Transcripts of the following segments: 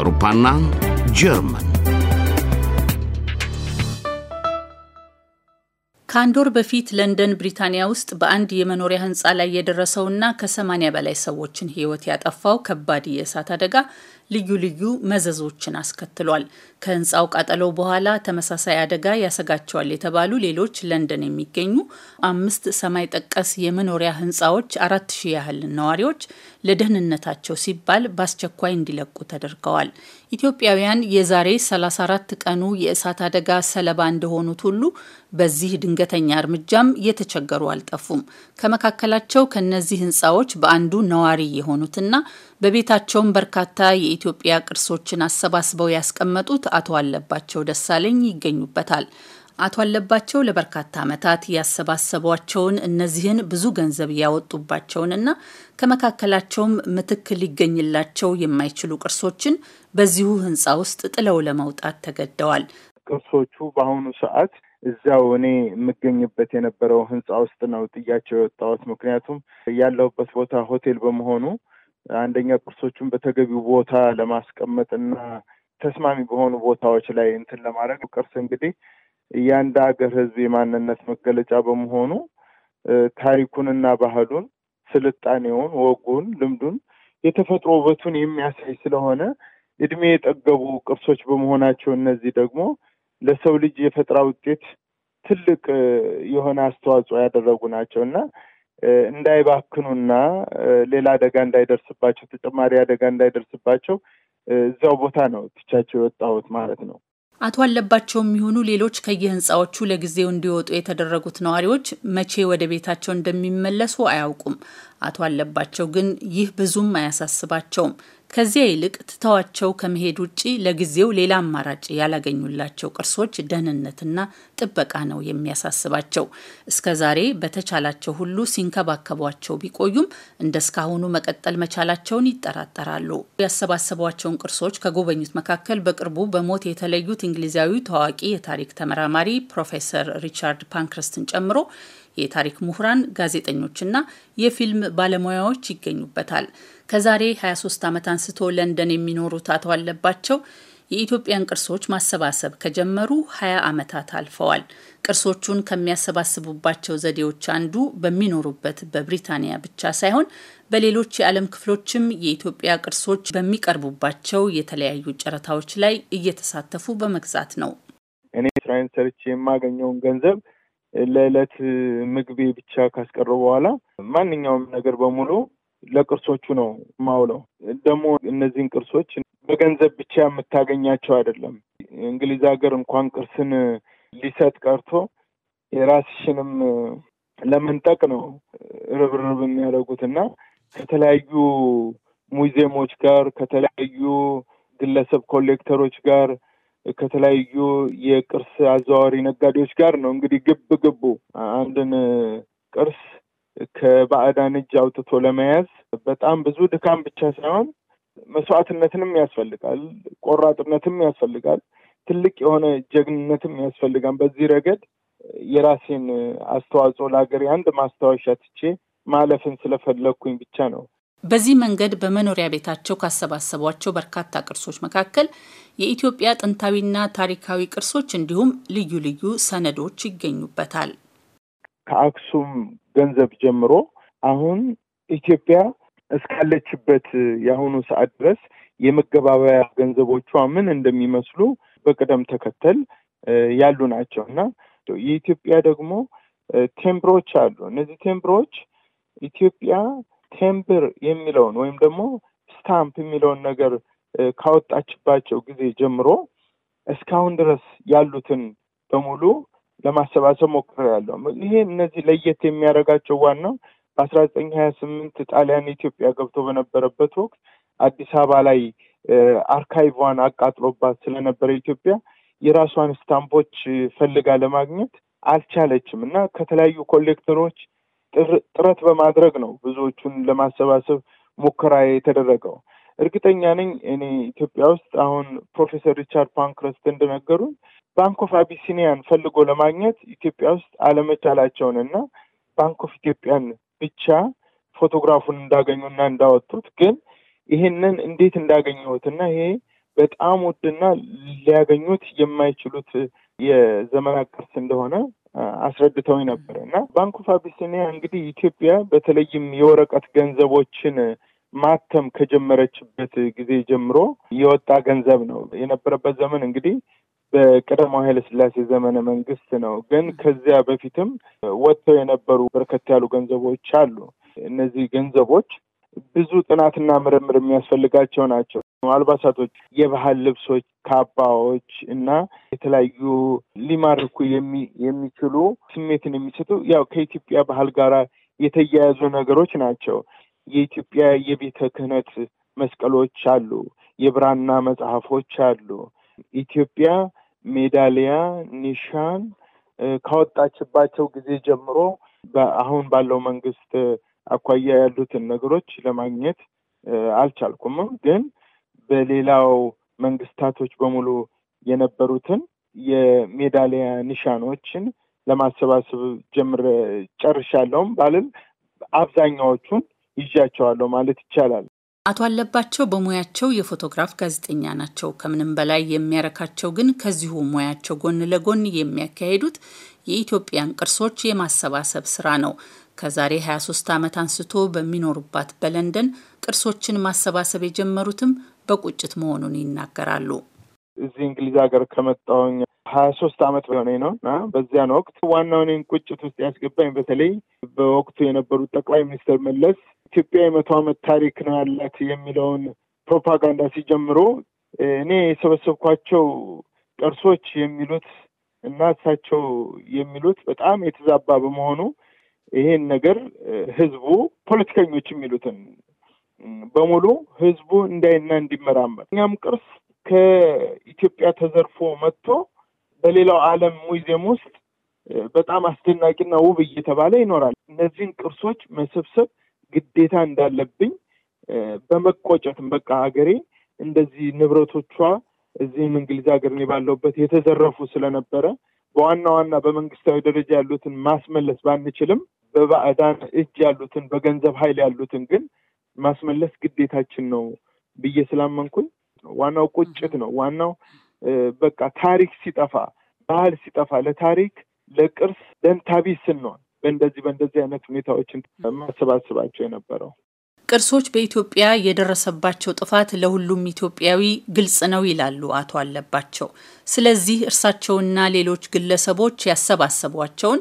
አውሮፓና ጀርመን ከአንድ ወር በፊት ለንደን ብሪታንያ ውስጥ በአንድ የመኖሪያ ህንፃ ላይ የደረሰውና ከ80 በላይ ሰዎችን ህይወት ያጠፋው ከባድ የእሳት አደጋ ልዩ ልዩ መዘዞችን አስከትሏል። ከህንፃው ቃጠሎ በኋላ ተመሳሳይ አደጋ ያሰጋቸዋል የተባሉ ሌሎች ለንደን የሚገኙ አምስት ሰማይ ጠቀስ የመኖሪያ ህንፃዎች አራት ሺህ ያህል ነዋሪዎች ለደህንነታቸው ሲባል በአስቸኳይ እንዲለቁ ተደርገዋል። ኢትዮጵያውያን የዛሬ 34 ቀኑ የእሳት አደጋ ሰለባ እንደሆኑት ሁሉ በዚህ ድንገተኛ እርምጃም የተቸገሩ አልጠፉም። ከመካከላቸው ከነዚህ ህንፃዎች በአንዱ ነዋሪ የሆኑትና በቤታቸውም በርካታ የኢትዮጵያ ቅርሶችን አሰባስበው ያስቀመጡት አቶ አለባቸው ደሳለኝ ይገኙበታል። አቶ አለባቸው ለበርካታ ዓመታት ያሰባሰቧቸውን እነዚህን ብዙ ገንዘብ ያወጡባቸውንና ከመካከላቸውም ምትክ ሊገኝላቸው የማይችሉ ቅርሶችን በዚሁ ሕንፃ ውስጥ ጥለው ለመውጣት ተገደዋል። ቅርሶቹ በአሁኑ ሰዓት እዚያው እኔ የምገኝበት የነበረው ሕንፃ ውስጥ ነው ጥያቸው የወጣሁት። ምክንያቱም ያለሁበት ቦታ ሆቴል በመሆኑ አንደኛ ቅርሶቹን በተገቢው ቦታ ለማስቀመጥ እና ተስማሚ በሆኑ ቦታዎች ላይ እንትን ለማድረግ ቅርስ እንግዲህ እያንድ ሀገር ህዝብ የማንነት መገለጫ በመሆኑ ታሪኩንና ባህሉን፣ ስልጣኔውን፣ ወጉን፣ ልምዱን፣ የተፈጥሮ ውበቱን የሚያሳይ ስለሆነ እድሜ የጠገቡ ቅርሶች በመሆናቸው እነዚህ ደግሞ ለሰው ልጅ የፈጠራ ውጤት ትልቅ የሆነ አስተዋጽኦ ያደረጉ ናቸው እና እንዳይባክኑና ሌላ አደጋ እንዳይደርስባቸው ተጨማሪ አደጋ እንዳይደርስባቸው እዚያው ቦታ ነው ትቻቸው የወጣሁት ማለት ነው። አቶ አለባቸው የሚሆኑ ሌሎች ከየህንፃዎቹ ለጊዜው እንዲወጡ የተደረጉት ነዋሪዎች መቼ ወደ ቤታቸው እንደሚመለሱ አያውቁም። አቶ አለባቸው ግን ይህ ብዙም አያሳስባቸውም። ከዚያ ይልቅ ትተዋቸው ከመሄድ ውጪ ለጊዜው ሌላ አማራጭ ያላገኙላቸው ቅርሶች ደህንነትና ጥበቃ ነው የሚያሳስባቸው። እስከ ዛሬ በተቻላቸው ሁሉ ሲንከባከቧቸው ቢቆዩም እንደ እስካሁኑ መቀጠል መቻላቸውን ይጠራጠራሉ። ያሰባሰቧቸውን ቅርሶች ከጎበኙት መካከል በቅርቡ በሞት የተለዩት እንግሊዛዊ ታዋቂ የታሪክ ተመራማሪ ፕሮፌሰር ሪቻርድ ፓንክረስትን ጨምሮ የታሪክ ምሁራን፣ ጋዜጠኞችና የፊልም ባለሙያዎች ይገኙበታል። ከዛሬ 23 ዓመት አንስቶ ለንደን የሚኖሩት አቶ አለባቸው የኢትዮጵያን ቅርሶች ማሰባሰብ ከጀመሩ 20 ዓመታት አልፈዋል። ቅርሶቹን ከሚያሰባስቡባቸው ዘዴዎች አንዱ በሚኖሩበት በብሪታንያ ብቻ ሳይሆን በሌሎች የዓለም ክፍሎችም የኢትዮጵያ ቅርሶች በሚቀርቡባቸው የተለያዩ ጨረታዎች ላይ እየተሳተፉ በመግዛት ነው። እኔ ስራዬን ሰርቼ የማገኘውን ገንዘብ ለዕለት ምግቤ ብቻ ካስቀሩ በኋላ ማንኛውም ነገር በሙሉ ለቅርሶቹ ነው ማውለው። ደግሞ እነዚህን ቅርሶች በገንዘብ ብቻ የምታገኛቸው አይደለም። እንግሊዝ ሀገር እንኳን ቅርስን ሊሰጥ ቀርቶ የራስሽንም ለመንጠቅ ነው ርብርብ የሚያደርጉት እና ከተለያዩ ሙዚየሞች ጋር ከተለያዩ ግለሰብ ኮሌክተሮች ጋር ከተለያዩ የቅርስ አዘዋዋሪ ነጋዴዎች ጋር ነው እንግዲህ ግብ ግቡ አንድን ቅርስ ከባዕዳን እጅ አውጥቶ ለመያዝ በጣም ብዙ ድካም ብቻ ሳይሆን መስዋዕትነትንም ያስፈልጋል፣ ቆራጥነትም ያስፈልጋል፣ ትልቅ የሆነ ጀግንነትም ያስፈልጋል። በዚህ ረገድ የራሴን አስተዋጽኦ ለሀገር አንድ ማስታወሻ ትቼ ማለፍን ስለፈለግኩኝ ብቻ ነው። በዚህ መንገድ በመኖሪያ ቤታቸው ካሰባሰቧቸው በርካታ ቅርሶች መካከል የኢትዮጵያ ጥንታዊና ታሪካዊ ቅርሶች እንዲሁም ልዩ ልዩ ሰነዶች ይገኙበታል። ከአክሱም ገንዘብ ጀምሮ አሁን ኢትዮጵያ እስካለችበት የአሁኑ ሰዓት ድረስ የመገባበያ ገንዘቦቿ ምን እንደሚመስሉ በቅደም ተከተል ያሉ ናቸው እና የኢትዮጵያ ደግሞ ቴምብሮች አሉ። እነዚህ ቴምብሮች ኢትዮጵያ ቴምብር የሚለውን ወይም ደግሞ ስታምፕ የሚለውን ነገር ካወጣችባቸው ጊዜ ጀምሮ እስካሁን ድረስ ያሉትን በሙሉ ለማሰባሰብ ያለው ይሄ እነዚህ ለየት የሚያደርጋቸው ዋናው በአስራ ዘጠኝ ሀያ ስምንት ጣሊያን ኢትዮጵያ ገብቶ በነበረበት ወቅት አዲስ አበባ ላይ አርካይቫን አቃጥሎባት ስለነበረ ኢትዮጵያ የራሷን ስታምፖች ፈልጋ ለማግኘት አልቻለችም እና ከተለያዩ ኮሌክተሮች ጥረት በማድረግ ነው ብዙዎቹን ለማሰባሰብ ሙከራ የተደረገው። እርግጠኛ ነኝ እኔ ኢትዮጵያ ውስጥ አሁን ፕሮፌሰር ሪቻርድ ፓንክረስት እንደነገሩን ባንክ ኦፍ አቢሲኒያን ፈልጎ ለማግኘት ኢትዮጵያ ውስጥ አለመቻላቸውን እና ባንክ ኦፍ ኢትዮጵያን ብቻ ፎቶግራፉን እንዳገኙና እንዳወጡት ግን ይሄንን እንዴት እንዳገኘሁት እና ይሄ በጣም ውድና ሊያገኙት የማይችሉት የዘመን ቅርስ እንደሆነ አስረድተው ነበር እና ባንክ ኦፍ አቢሲኒያ እንግዲህ ኢትዮጵያ በተለይም የወረቀት ገንዘቦችን ማተም ከጀመረችበት ጊዜ ጀምሮ የወጣ ገንዘብ ነው። የነበረበት ዘመን እንግዲህ በቀዳማዊ ስላሴ ዘመነ መንግስት ነው። ግን ከዚያ በፊትም ወጥተው የነበሩ በርከት ያሉ ገንዘቦች አሉ። እነዚህ ገንዘቦች ብዙ ጥናትና ምርምር የሚያስፈልጋቸው ናቸው። አልባሳቶች፣ የባህል ልብሶች፣ ካባዎች እና የተለያዩ ሊማርኩ የሚችሉ ስሜትን የሚሰጡ ያው ከኢትዮጵያ ባህል ጋር የተያያዙ ነገሮች ናቸው። የኢትዮጵያ የቤተ ክህነት መስቀሎች አሉ። የብራና መጽሐፎች አሉ። ኢትዮጵያ ሜዳሊያ፣ ኒሻን ካወጣችባቸው ጊዜ ጀምሮ አሁን ባለው መንግስት አኳያ ያሉትን ነገሮች ለማግኘት አልቻልኩምም። ግን በሌላው መንግስታቶች በሙሉ የነበሩትን የሜዳሊያ ኒሻኖችን ለማሰባሰብ ጀምር ጨርሻለውም ባልል አብዛኛዎቹን ይዣቸዋለሁ ማለት ይቻላል። አቶ አለባቸው በሙያቸው የፎቶግራፍ ጋዜጠኛ ናቸው። ከምንም በላይ የሚያረካቸው ግን ከዚሁ ሙያቸው ጎን ለጎን የሚያካሂዱት የኢትዮጵያን ቅርሶች የማሰባሰብ ስራ ነው። ከዛሬ 23 ዓመት አንስቶ በሚኖሩባት በለንደን ቅርሶችን ማሰባሰብ የጀመሩትም በቁጭት መሆኑን ይናገራሉ። እዚህ እንግሊዝ ሀገር ከመጣሁኝ ሀያ ሶስት አመት በሆነኝ ነው እና በዚያን ወቅት ዋናው እኔን ቁጭት ውስጥ ያስገባኝ በተለይ በወቅቱ የነበሩት ጠቅላይ ሚኒስትር መለስ ኢትዮጵያ የመቶ ዓመት ታሪክ ነው ያላት የሚለውን ፕሮፓጋንዳ ሲጀምሩ እኔ የሰበሰብኳቸው ቅርሶች የሚሉት እና እሳቸው የሚሉት በጣም የተዛባ በመሆኑ ይሄን ነገር ህዝቡ ፖለቲከኞች የሚሉትን በሙሉ ህዝቡ እንዳይና እንዲመራመር እኛም ቅርስ ከኢትዮጵያ ተዘርፎ መጥቶ በሌላው ዓለም ሙዚየም ውስጥ በጣም አስደናቂና ውብ እየተባለ ይኖራል። እነዚህን ቅርሶች መሰብሰብ ግዴታ እንዳለብኝ በመቆጨትም በቃ ሀገሬ እንደዚህ ንብረቶቿ እዚህም እንግሊዝ ሀገር እኔ ባለሁበት የተዘረፉ ስለነበረ በዋና ዋና በመንግስታዊ ደረጃ ያሉትን ማስመለስ ባንችልም በባዕዳን እጅ ያሉትን በገንዘብ ኃይል ያሉትን ግን ማስመለስ ግዴታችን ነው ብዬ ስላመንኩኝ ዋናው ቁጭት ነው። ዋናው በቃ ታሪክ ሲጠፋ፣ ባህል ሲጠፋ፣ ለታሪክ ለቅርስ ደንታቢ ስንሆን በእንደዚህ በእንደዚህ አይነት ሁኔታዎችን ማሰባስባቸው የነበረው ቅርሶች በኢትዮጵያ የደረሰባቸው ጥፋት ለሁሉም ኢትዮጵያዊ ግልጽ ነው ይላሉ አቶ አለባቸው። ስለዚህ እርሳቸውና ሌሎች ግለሰቦች ያሰባሰቧቸውን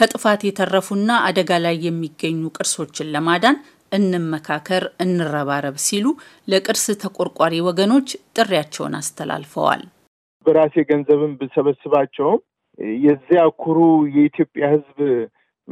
ከጥፋት የተረፉና አደጋ ላይ የሚገኙ ቅርሶችን ለማዳን እንመካከር፣ እንረባረብ ሲሉ ለቅርስ ተቆርቋሪ ወገኖች ጥሪያቸውን አስተላልፈዋል። በራሴ ገንዘብን ብሰበስባቸውም የዚያ ኩሩ የኢትዮጵያ ሕዝብ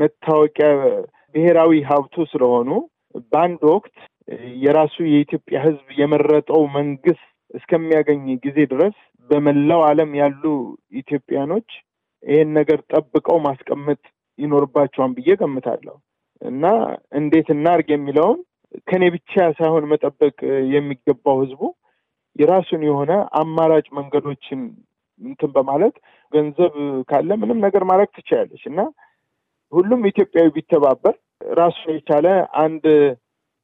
መታወቂያ ብሔራዊ ሀብቱ ስለሆኑ በአንድ ወቅት የራሱ የኢትዮጵያ ሕዝብ የመረጠው መንግስት እስከሚያገኝ ጊዜ ድረስ በመላው ዓለም ያሉ ኢትዮጵያኖች ይህን ነገር ጠብቀው ማስቀመጥ ይኖርባቸዋል ብዬ ገምታለሁ። እና እንዴት እናርግ የሚለውን ከኔ ብቻ ሳይሆን መጠበቅ የሚገባው ህዝቡ የራሱን የሆነ አማራጭ መንገዶችን እንትን በማለት ገንዘብ ካለ ምንም ነገር ማድረግ ትችላለች እና ሁሉም ኢትዮጵያዊ ቢተባበር ራሱን የቻለ አንድ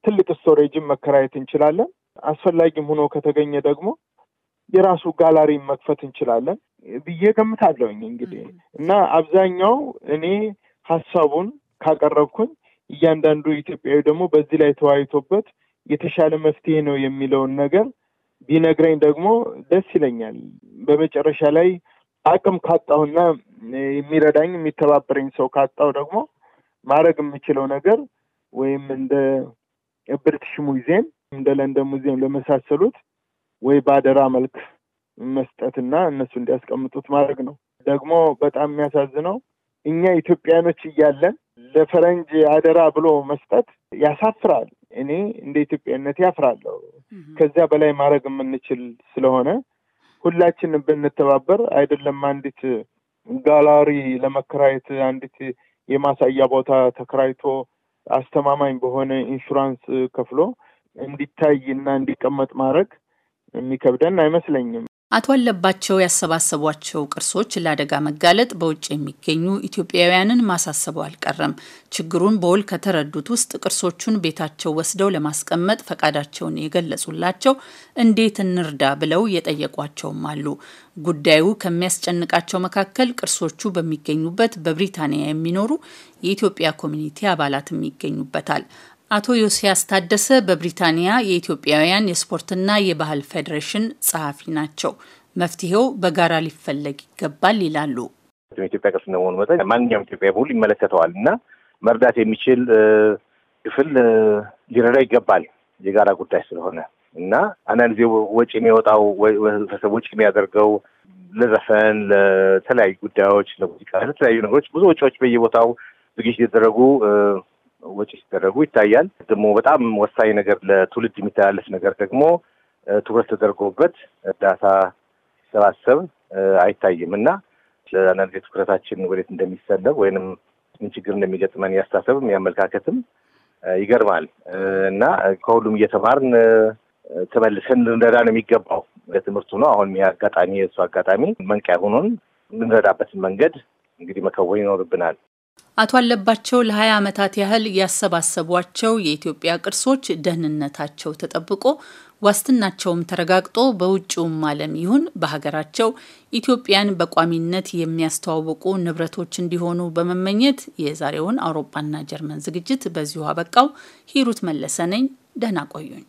ትልቅ ስቶሬጅን መከራየት እንችላለን። አስፈላጊም ሆኖ ከተገኘ ደግሞ የራሱ ጋላሪ መክፈት እንችላለን ብዬ ገምታለሁኝ። እንግዲህ እና አብዛኛው እኔ ሀሳቡን ካቀረብኩኝ እያንዳንዱ ኢትዮጵያዊ ደግሞ በዚህ ላይ ተወያይቶበት የተሻለ መፍትሄ ነው የሚለውን ነገር ቢነግረኝ ደግሞ ደስ ይለኛል። በመጨረሻ ላይ አቅም ካጣሁና የሚረዳኝ የሚተባበረኝ ሰው ካጣሁ ደግሞ ማድረግ የምችለው ነገር ወይም እንደ ብሪትሽ ሙዚየም እንደ ለንደን ሙዚየም ለመሳሰሉት ወይ በአደራ መልክ መስጠትና እነሱ እንዲያስቀምጡት ማድረግ ነው። ደግሞ በጣም የሚያሳዝነው እኛ ኢትዮጵያኖች እያለን ለፈረንጅ አደራ ብሎ መስጠት ያሳፍራል። እኔ እንደ ኢትዮጵያነት ያፍራለሁ። ከዚያ በላይ ማድረግ የምንችል ስለሆነ ሁላችንም ብንተባበር አይደለም አንዲት ጋላሪ ለመከራየት አንዲት የማሳያ ቦታ ተከራይቶ አስተማማኝ በሆነ ኢንሹራንስ ከፍሎ እንዲታይ እና እንዲቀመጥ ማድረግ የሚከብደን አይመስለኝም። አቶ አለባቸው ያሰባሰቧቸው ቅርሶች ለአደጋ መጋለጥ በውጭ የሚገኙ ኢትዮጵያውያንን ማሳሰበው አልቀረም። ችግሩን በውል ከተረዱት ውስጥ ቅርሶቹን ቤታቸው ወስደው ለማስቀመጥ ፈቃዳቸውን የገለጹላቸው እንዴት እንርዳ ብለው የጠየቋቸውም አሉ። ጉዳዩ ከሚያስጨንቃቸው መካከል ቅርሶቹ በሚገኙበት በብሪታንያ የሚኖሩ የኢትዮጵያ ኮሚኒቲ አባላትም ይገኙበታል። አቶ ዮስያስ ታደሰ በብሪታንያ የኢትዮጵያውያን የስፖርትና የባህል ፌዴሬሽን ጸሐፊ ናቸው። መፍትሄው በጋራ ሊፈለግ ይገባል ይላሉ። ኢትዮጵያ ቅርስ እንደመሆኑ መጠን ማንኛውም ኢትዮጵያ በሁሉ ይመለከተዋል እና መርዳት የሚችል ክፍል ሊረዳ ይገባል የጋራ ጉዳይ ስለሆነ እና አንዳንድ ጊዜ ወጪ የሚወጣው ወጪ የሚያደርገው ለዘፈን፣ ለተለያዩ ጉዳዮች፣ ለሙዚቃ፣ ለተለያዩ ነገሮች ብዙ ወጪዎች በየቦታው ዝግጅት የተደረጉ ወጪ ሲደረጉ ይታያል። ደግሞ በጣም ወሳኝ ነገር ለትውልድ የሚተላለፍ ነገር ደግሞ ትኩረት ተደርጎበት እርዳታ ሲሰባሰብ አይታይም እና ለአንዳንድ ትኩረታችን ወዴት እንደሚሰለብ ወይንም ምን ችግር እንደሚገጥመን ያስተሳሰብም ያመለካከትም ይገርማል እና ከሁሉም እየተማርን ተመልሰን ልንረዳ ነው የሚገባው። ለትምህርቱ ነው። አሁን አጋጣሚ የእሱ አጋጣሚ መንቅያ ሆኖን የምንረዳበትን መንገድ እንግዲህ መከወን ይኖርብናል። አቶ አለባቸው ለ20 ዓመታት ያህል ያሰባሰቧቸው የኢትዮጵያ ቅርሶች ደህንነታቸው ተጠብቆ ዋስትናቸውም ተረጋግጦ በውጭውም ዓለም ይሁን በሀገራቸው ኢትዮጵያን በቋሚነት የሚያስተዋውቁ ንብረቶች እንዲሆኑ በመመኘት የዛሬውን አውሮፓና ጀርመን ዝግጅት በዚሁ አበቃው። ሂሩት መለሰ ነኝ። ደህና ቆዩኝ።